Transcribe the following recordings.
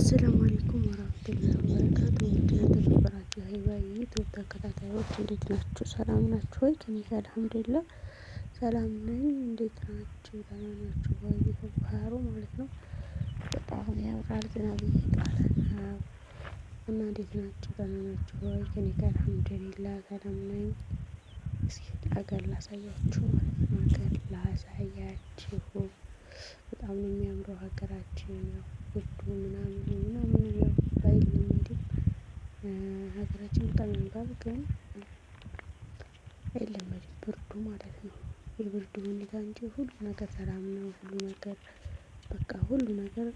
አሰላሙ አለይኩም ወራህመቱላሂ ወበረካቱ። ወዲያ ተከበራችሁ ሀይባይ ዩቲዩብ ተከታታዮች እንዴት ናችሁ? ሰላም ናችሁ ወይ? ከኔ ጋር አልሐምዱሊላህ ሰላም ነኝ። እንዴት ናችሁ? ደህና ናችሁ ወይ? ባህሩ ማለት ነው በጣም ያምራል። ዝናብ እየጣለ እና እንዴት ናችሁ? ደህና ናችሁ ወይ? ከኔ ጋር አልሐምዱሊላህ ሰላም ነኝ። እስኪ አገር ላሳያችሁ ማለት አገር ላሳያችሁ በጣም ነው የሚያምረው ሀገራችን ውዱ ምናምን ሀሳብ ግን አይለመድም ብርዱ ማለት ነው። የብርዱ ሁኔታ እንጂ ሁሉ ነገር ሰላም ነው። ሁሉ ነገር በቃ ሁሉ ነገር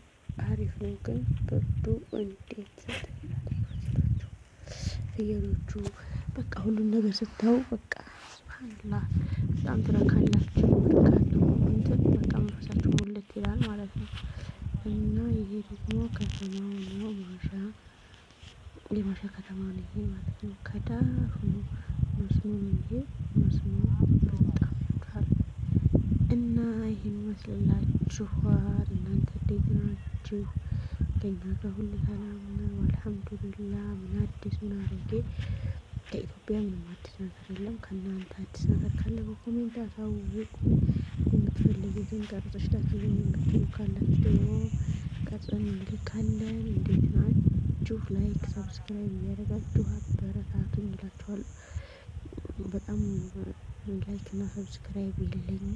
አሪፍ ነው። ግን ብርዱ እንዴት ፍየሎቹ በቃ ሁሉን ነገር ስታዩ በቃ ስብሀንላ በጣም ትረካላችሁ። መርካት እንትን በቃ መንፈሳችሁ ሙልት ይላል ማለት ነው። እና ይሄ ደግሞ ከተማው ነው ማሻ የመሸ ከተማ ነው ይሄ ማለት ነው። ከዳር መስኖ ነው ይሄ መስኖ በጣም ያምራል እና ይሄን ይመስልላችኋል። እናንተ እንዴት ናችሁ? ከኛ ጋር ሁሉ ሰላም ነው አልሐምዱሊላ። ምን አዲስ ምን አሮጌ ከኢትዮጵያ ምንም አዲስ ነገር የለም። ከእናንተ አዲስ ነገር ካለ በኮሜንት አሳውቁ። የምትፈልጉትን ቀርጾች ላችሁ የምትሉ ካላችሁ ደግሞ ቀርጸን እንልካለን እንዴ እያደረጋችሁ ላይክ ሰብስክራይብ እያደረጋችሁ አበረታቱኝ ይላችኋል። በጣም ላይክ እና ሰብስክራይብ የለኝም።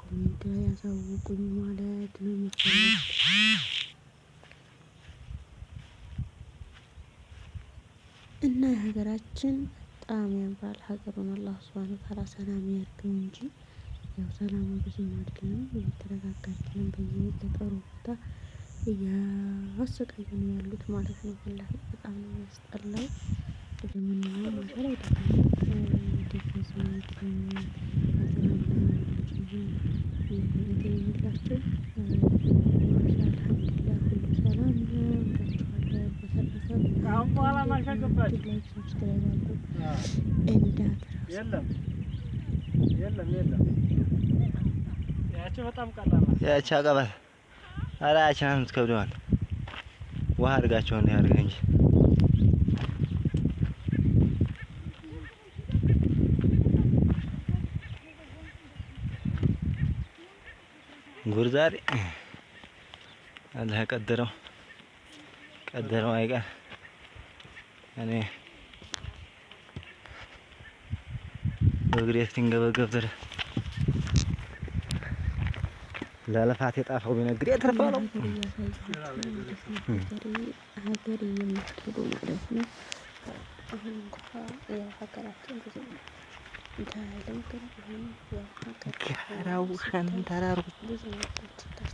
ኮሜንት ላይ ያሳውቁኝ ማለት ነው የምፈልገው እና የሀገራችን በጣም ያምራል። ሀገሩን አላህ ሱብሃነሁ ወተዓላ ሰላም ያድርገው እንጂ ያው ሰላሙ ብዙም አይደለም፣ እየተረጋጋ አይደለም። በየገጠሩ ቦታ እያሰቃዩን ያሉት ማለት ነው። ሁላ በጣም ነው የሚያስጠላው። ደመና ማሻል አይደለም ያቸው በጣም ቀላል ያቸው አቀባል አላያችን የምትከብደዋል። ውሃ አድርጋቸው እንዲያደርገ እንጂ ጉር ዛሬ አላህ ቀደረው ቀደረው አይቀር እኔ በእግሬ እስኪንገበገብ ድረስ ለልፋት የጣፈው ቢነግር የትርፋ ነው። ሀገር የምትሄዱ ማለት ነው። አሁን እንኳ የሀገራችን ብዙ ተራራው ሸንተረሩ ብዙ